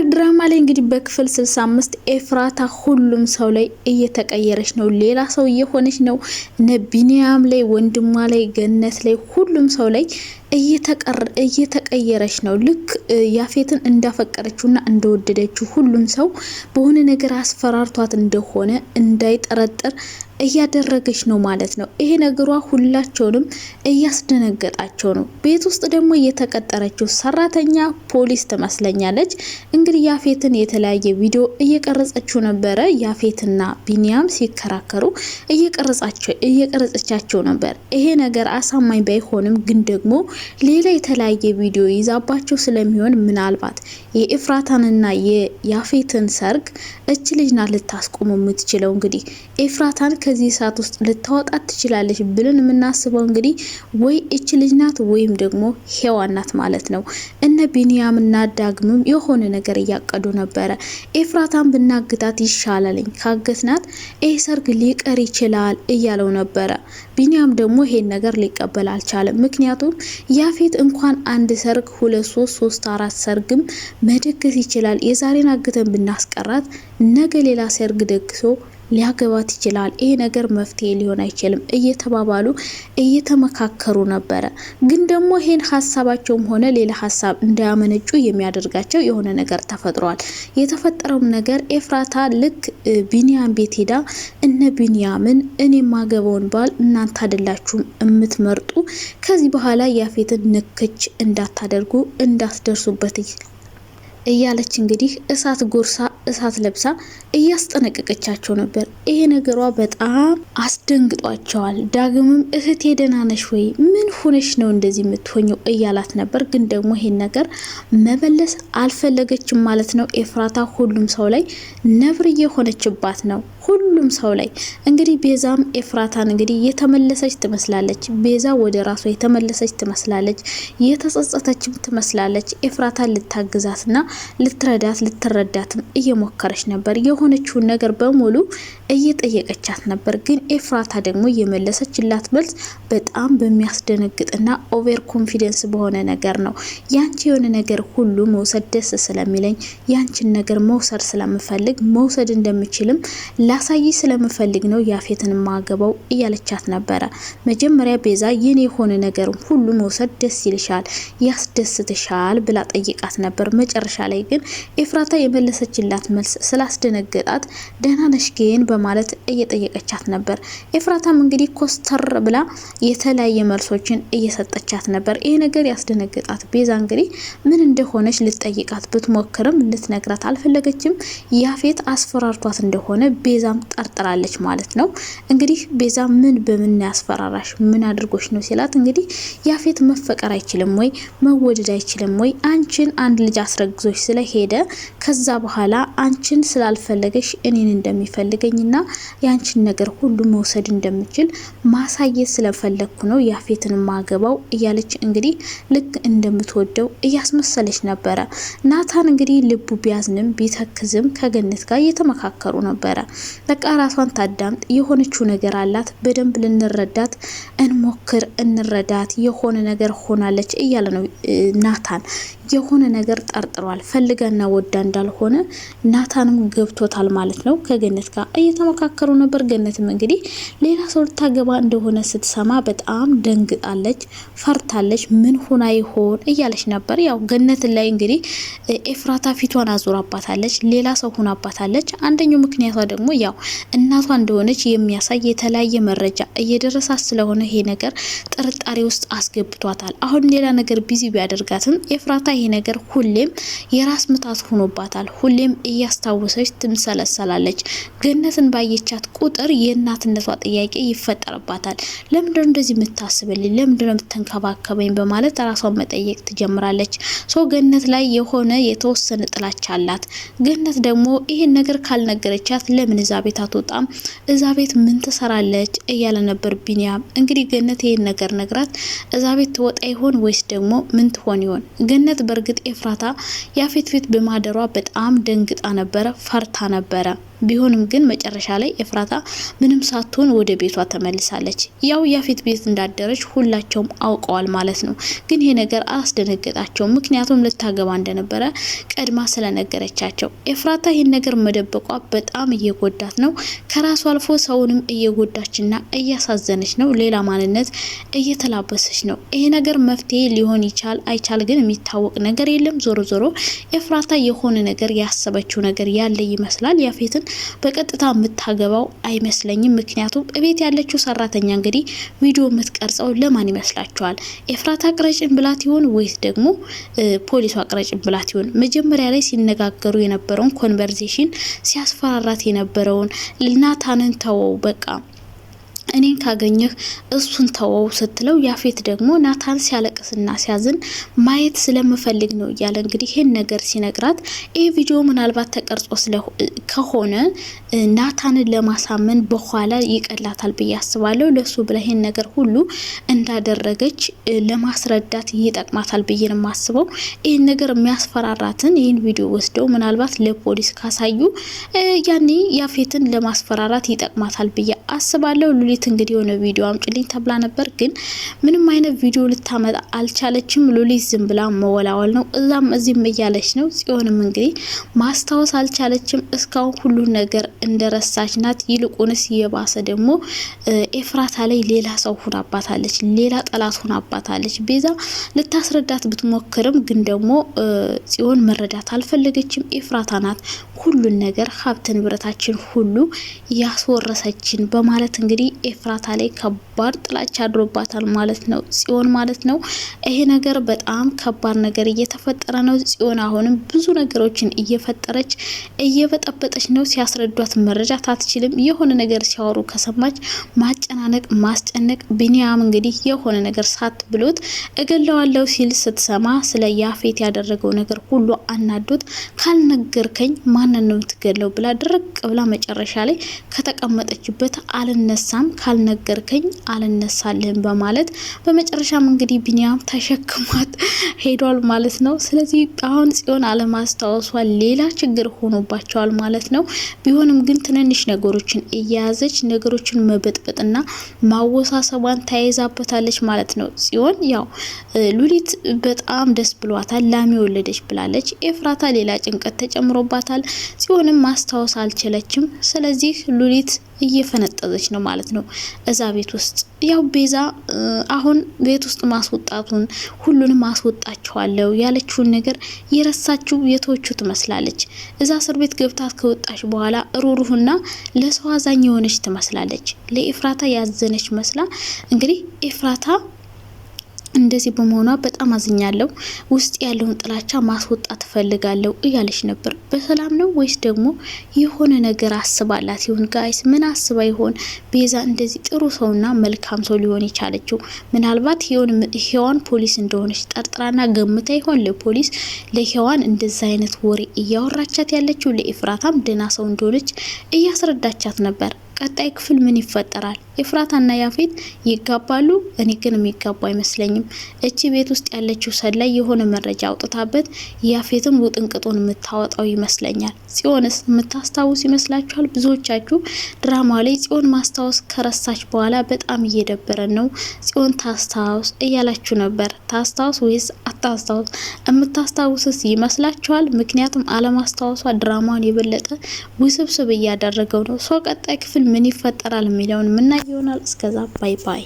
ሐረግ ድራማ ላይ እንግዲህ በክፍል 65 ኤፍራታ ሁሉም ሰው ላይ እየተቀየረች ነው። ሌላ ሰው እየሆነች ነው። እነ ቢኒያም ላይ፣ ወንድሟ ላይ፣ ገነት ላይ ሁሉም ሰው ላይ እየተቀየረች ነው። ልክ ያፌትን እንዳፈቀረችውና እንደወደደችው ሁሉም ሰው በሆነ ነገር አስፈራርቷት እንደሆነ እንዳይጠረጥር እያደረገች ነው ማለት ነው። ይሄ ነገሯ ሁላቸውንም እያስደነገጣቸው ነው። ቤት ውስጥ ደግሞ የተቀጠረችው ሰራተኛ ፖሊስ ትመስለኛለች። እንግዲህ ያፌትን የተለያየ ቪዲዮ እየቀረጸችው ነበረ። ያፌትና ቢኒያም ሲከራከሩ እየቀረጸቻቸው ነበር። ይሄ ነገር አሳማኝ ባይሆንም ግን ደግሞ ሌላ የተለያየ ቪዲዮ ይዛባቸው ስለሚሆን ምናልባት የኤፍራታንና የያፌትን ሰርግ እች ልጅ ናት ልታስቆሙ የምትችለው። እንግዲህ ኤፍራታን ከዚህ ሰዓት ውስጥ ልታወጣት ትችላለች ብለን የምናስበው እንግዲህ ወይ እች ልጅ ናት ወይም ደግሞ ሄዋናት ናት ማለት ነው። እነ እና ዳግምም የሆነ ነገር እያቀዱ ነበረ። ኤፍራታን ብናግታት ይሻላልኝ ካገትናት ይህ ሰርግ ሊቀር ይችላል እያለው ነበረ። ቢኒያም ደግሞ ይሄን ነገር ሊቀበል አልቻለም። ምክንያቱም ያፌት እንኳን አንድ ሰርግ ሁለት ሶስት ሶስት አራት ሰርግም መደገስ ይችላል። የዛሬን አግተን ብናስቀራት ነገ ሌላ ሰርግ ደግሶ ሊያገባት ይችላል፣ ይሄ ነገር መፍትሄ ሊሆን አይችልም እየተባባሉ እየተመካከሩ ነበረ። ግን ደግሞ ይሄን ሀሳባቸውም ሆነ ሌላ ሀሳብ እንዳያመነጩ የሚያደርጋቸው የሆነ ነገር ተፈጥሯል። የተፈጠረውም ነገር ኤፍራታ ልክ ቢንያም ቤት ሄዳ እነ ቢንያምን እኔ ማገባውን ባል እናንተ አይደላችሁ የምትመርጡ ከዚህ በኋላ ያፌትን ንክች እንዳታደርጉ እንዳትደርሱበት እያለች እንግዲህ እሳት ጎርሳ እሳት ለብሳ እያስጠነቀቀቻቸው ነበር። ይሄ ነገሯ በጣም አስደንግጧቸዋል። ዳግምም እህቴ ደህና ነሽ ወይ? ምን ሆነሽ ነው እንደዚህ የምትሆኘው? እያላት ነበር። ግን ደግሞ ይሄን ነገር መመለስ አልፈለገችም ማለት ነው። ኤፍራታ ሁሉም ሰው ላይ ነብር እየሆነችባት ነው። ሁሉም ሰው ላይ እንግዲህ ቤዛም ኤፍራታን እንግዲህ የተመለሰች ትመስላለች። ቤዛ ወደ ራሷ የተመለሰች ትመስላለች፣ የተጸጸተችም ትመስላለች። ኤፍራታን ልታግዛትና ልትረዳት ልትረዳትም እየሞከረች ነበር። የሆነችውን ነገር በሙሉ እየጠየቀቻት ነበር። ግን ኤፍራታ ደግሞ የመለሰችላት መልስ በጣም በሚያስደነግጥና ኦቨር ኮንፊደንስ በሆነ ነገር ነው። ያንቺ የሆነ ነገር ሁሉ መውሰድ ደስ ስለሚለኝ ያንቺን ነገር መውሰድ ስለምፈልግ መውሰድ እንደምችልም ላሳይሽ ስለምፈልግ ነው ያፌትን ማገባው እያለቻት ነበረ። መጀመሪያ ቤዛ የኔ የሆነ ነገር ሁሉ መውሰድ ደስ ይልሻል፣ ያስደስትሻል ብላ ጠይቃት ነበር። መጨረሻ ላይ ግን ኤፍራታ የመለሰችላት መልስ ስላስደነገጣት ደህና ነሽ ግን በማለት እየጠየቀቻት ነበር። ኤፍራታም እንግዲህ ኮስተር ብላ የተለያየ መልሶችን እየሰጠቻት ነበር። ይሄ ነገር ያስደነገጣት ቤዛ እንግዲህ ምን እንደሆነች ልትጠይቃት ብትሞክርም ልትነግራት አልፈለገችም። ያፌት አስፈራርቷት እንደሆነ ቤዛም ጠርጥራለች ማለት ነው። እንግዲህ ቤዛ ምን በምን ያስፈራራሽ ምን አድርጎች ነው ሲላት እንግዲህ ያፌት መፈቀር አይችልም ወይ መወደድ አይችልም ወይ አንቺን አንድ ልጅ አስረግዞች ስለሄደ ከዛ በኋላ አንቺን ስላልፈለገሽ እኔን እንደሚፈልገኝና የአንቺን ነገር ሁሉ መውሰድ እንደምችል ማሳየት ስለፈለግኩ ነው ያፌትን ማገባው እያለች እንግዲህ ልክ እንደምትወደው እያስመሰለች ነበረ። ናታን እንግዲህ ልቡ ቢያዝንም ቢተክዝም ከገነት ጋር እየተመካከሩ ነበረ። በቃ ራሷን ታዳምጥ። የሆነችው ነገር አላት። በደንብ ልንረዳት እንሞክር፣ እንረዳት። የሆነ ነገር ሆናለች እያለ ነው ናታን የሆነ ነገር ጠርጥሯል። ፈልጋና ወዳ እንዳልሆነ ናታንም ገብቶታል ማለት ነው። ከገነት ጋር እየተመካከሩ ነበር። ገነትም እንግዲህ ሌላ ሰው ልታገባ እንደሆነ ስትሰማ በጣም ደንግጣለች፣ ፈርታለች። ምን ሆና ይሆን እያለች ነበር። ያው ገነት ላይ እንግዲህ ኤፍራታ ፊቷን አዙራባታለች፣ ሌላ ሰው ሆናባታለች። አንደኛው ምክንያቷ ደግሞ ያው እናቷ እንደሆነች የሚያሳይ የተለያየ መረጃ እየደረሳት ስለሆነ ይሄ ነገር ጥርጣሬ ውስጥ አስገብቷታል። አሁን ሌላ ነገር ቢዚ ቢያደርጋትም ኤፍራታ ይሄ ነገር ሁሌም የራስ ምታት ሆኖባታል። ሁሌም እያስታወሰች ትምሰለሰላለች። ገነትን ባየቻት ቁጥር የእናትነቷ ጥያቄ ይፈጠርባታል። ለምንድነው እንደዚህ የምታስብልኝ? ለምንድነው የምትንከባከበኝ? በማለት ራሷን መጠየቅ ትጀምራለች። ሰው ገነት ላይ የሆነ የተወሰነ ጥላቻ አላት። ገነት ደግሞ ይሄን ነገር ካልነገረቻት ለምን እዛ ቤት አትወጣም? እዛ ቤት ምን ትሰራለች? እያለ ነበር ቢኒያም። እንግዲህ ገነት ይሄን ነገር ነግራት እዛ ቤት ትወጣ ይሆን ወይስ ደግሞ ምን ትሆን ይሆን? ገነት በእርግጥ ኤፍራታ ያፌት ፊት በማደሯ በጣም ደንግጣ ነበረ፣ ፈርታ ነበረ። ቢሆንም ግን መጨረሻ ላይ ኤፍራታ ምንም ሳትሆን ወደ ቤቷ ተመልሳለች። ያው ያፌት ቤት እንዳደረች ሁላቸውም አውቀዋል ማለት ነው። ግን ይሄ ነገር አላስደነገጣቸውም። ምክንያቱም ልታገባ እንደነበረ ቀድማ ስለነገረቻቸው ኤፍራታ ይህን ነገር መደበቋ በጣም እየጎዳት ነው። ከራሱ አልፎ ሰውንም እየጎዳችና እያሳዘነች ነው። ሌላ ማንነት እየተላበሰች ነው። ይሄ ነገር መፍትሄ ሊሆን ይቻል አይቻል ግን የሚታወቅ ነገር የለም። ዞሮ ዞሮ ኤፍራታ የሆነ ነገር ያሰበችው ነገር ያለ ይመስላል ያፌትን በቀጥታ የምታገባው አይመስለኝም። ምክንያቱም እቤት ያለችው ሰራተኛ እንግዲህ ቪዲዮ የምትቀርጸው ለማን ይመስላችኋል? ኤፍራት አቅረጭን ብላት ይሆን ወይስ ደግሞ ፖሊሱ አቅረጭን ብላት ይሆን? መጀመሪያ ላይ ሲነጋገሩ የነበረውን ኮንቨርዜሽን ሲያስፈራራት የነበረውን ናታንን ተወው በቃ እኔን ካገኘህ እሱን ተወው ስትለው ያፌት ደግሞ ናታን ሲያለቅስና ሲያዝን ማየት ስለምፈልግ ነው እያለ እንግዲህ ይህን ነገር ሲነግራት ይህ ቪዲዮ ምናልባት ተቀርጾ ከሆነ ናታንን ለማሳመን በኋላ ይቀላታል ብዬ አስባለሁ። ለሱ ብላ ይህን ነገር ሁሉ እንዳደረገች ለማስረዳት ይጠቅማታል ብዬ ነው የማስበው። ይህን ነገር የሚያስፈራራትን ይህን ቪዲዮ ወስደው ምናልባት ለፖሊስ ካሳዩ ያኔ ያፌትን ለማስፈራራት ይጠቅማታል ብዬ አስባለሁ። ሉሊት እንግዲህ የሆነ ቪዲዮ አምጭልኝ ተብላ ነበር፣ ግን ምንም አይነት ቪዲዮ ልታመጣ አልቻለችም። ሉሊት ዝም ብላ መወላወል ነው እዛም እዚህም እያለች ነው። ጽዮንም እንግዲህ ማስታወስ አልቻለችም። እስካሁን ሁሉን ነገር እንደረሳች ናት። ይልቁንስ የባሰ ደግሞ ኤፍራታ ላይ ሌላ ሰው ሁናባታለች፣ ሌላ ጠላት ሁናባታለች። ቤዛ ልታስረዳት ብትሞክርም ግን ደግሞ ጽዮን መረዳት አልፈለገችም። ኤፍራታ ናት ሁሉን ነገር ሀብት ንብረታችን ሁሉ ያስወረሰችን በማለት እንግዲህ ኤፍራታ ላይ ከባድ ጥላቻ አድሮባታል ማለት ነው ጽዮን ማለት ነው። ይሄ ነገር በጣም ከባድ ነገር እየተፈጠረ ነው። ጽዮን አሁንም ብዙ ነገሮችን እየፈጠረች እየበጠበጠች ነው። ሲያስረዷት መረዳት አትችልም። የሆነ ነገር ሲያወሩ ከሰማች ማጨናነቅ፣ ማስጨነቅ ቢኒያም እንግዲህ የሆነ ነገር ሳት ብሎት እገለዋለው ሲል ስትሰማ ስለ ያፌት ያደረገው ነገር ሁሉ አናዶት ካልነገርከኝ ማንን ነው የምትገለው ብላ ድርቅ ብላ መጨረሻ ላይ ከተቀመጠችበት አልነሳም ካልነገርከኝ አልነሳልህም በማለት በመጨረሻም እንግዲህ ቢኒያም ተሸክሟት ሄዷል ማለት ነው። ስለዚህ አሁን ጽዮን አለማስታወሷ ሌላ ችግር ሆኖባቸዋል ማለት ነው። ቢሆንም ግን ትንንሽ ነገሮችን እየያዘች ነገሮችን መበጥበጥና ማወሳሰቧን ተያይዛበታለች ማለት ነው። ጽዮን ያው ሉሊት በጣም ደስ ብሏታል፣ ላሚ ወለደች ብላለች። ኤፍራታ ሌላ ጭንቀት ተጨምሮባታል። ጽዮንም ማስታወስ አልችለችም። ስለዚህ ሉሊት እየፈነጠዘች ነው ማለት ነው እዛ ቤት ውስጥ። ያው ቤዛ አሁን ቤት ውስጥ ማስወጣቱን ሁሉንም ማስወጣቸዋለው ያለችውን ነገር የረሳችው የተወቹ ትመስላለች። እዛ እስር ቤት ገብታት ከወጣች በኋላ ሩሩህና ለሰው አዛኝ የሆነች ትመስላለች። ለኤፍራታ ያዘነች መስላ እንግዲህ ኤፍራታ እንደዚህ በመሆኗ በጣም አዝኛለሁ። ውስጥ ያለውን ጥላቻ ማስወጣት እፈልጋለሁ እያለች ነበር። በሰላም ነው ወይስ ደግሞ የሆነ ነገር አስባላት ይሆን? ጋይስ ምን አስባ ይሆን ቤዛ እንደዚህ ጥሩ ሰውና መልካም ሰው ሊሆን የቻለችው? ምናልባት ሄዋን ፖሊስ እንደሆነች ጠርጥራና ገምታ ይሆን? ለፖሊስ ለሄዋን እንደዚ አይነት ወሬ እያወራቻት ያለችው ለኤፍራታም ደህና ሰው እንደሆነች እያስረዳቻት ነበር። ቀጣይ ክፍል ምን ይፈጠራል? ኤፍራታና ያፌት ይጋባሉ? እኔ ግን የሚጋቡ አይመስለኝም። እቺ ቤት ውስጥ ያለችው ሰላይ የሆነ መረጃ አውጥታበት ያፌትም ውጥንቅጡን የምታወጣው ይመስለኛል። ጽዮንስ የምታስታውስ ይመስላችኋል? ብዙዎቻችሁ ድራማ ላይ ጽዮን ማስታወስ ከረሳች በኋላ በጣም እየደበረን ነው፣ ጽዮን ታስታውስ እያላችሁ ነበር። ታስታውስ ወይስ አታስታውስ? የምታስታውስስ ይመስላችኋል? ምክንያቱም አለማስታወሷ ድራማን የበለጠ ውስብስብ እያደረገው ነው። ሰው ቀጣይ ክፍል ምን ይፈጠራል የሚለውን ምና ይሆናል። እስከዛ ባይ ባይ።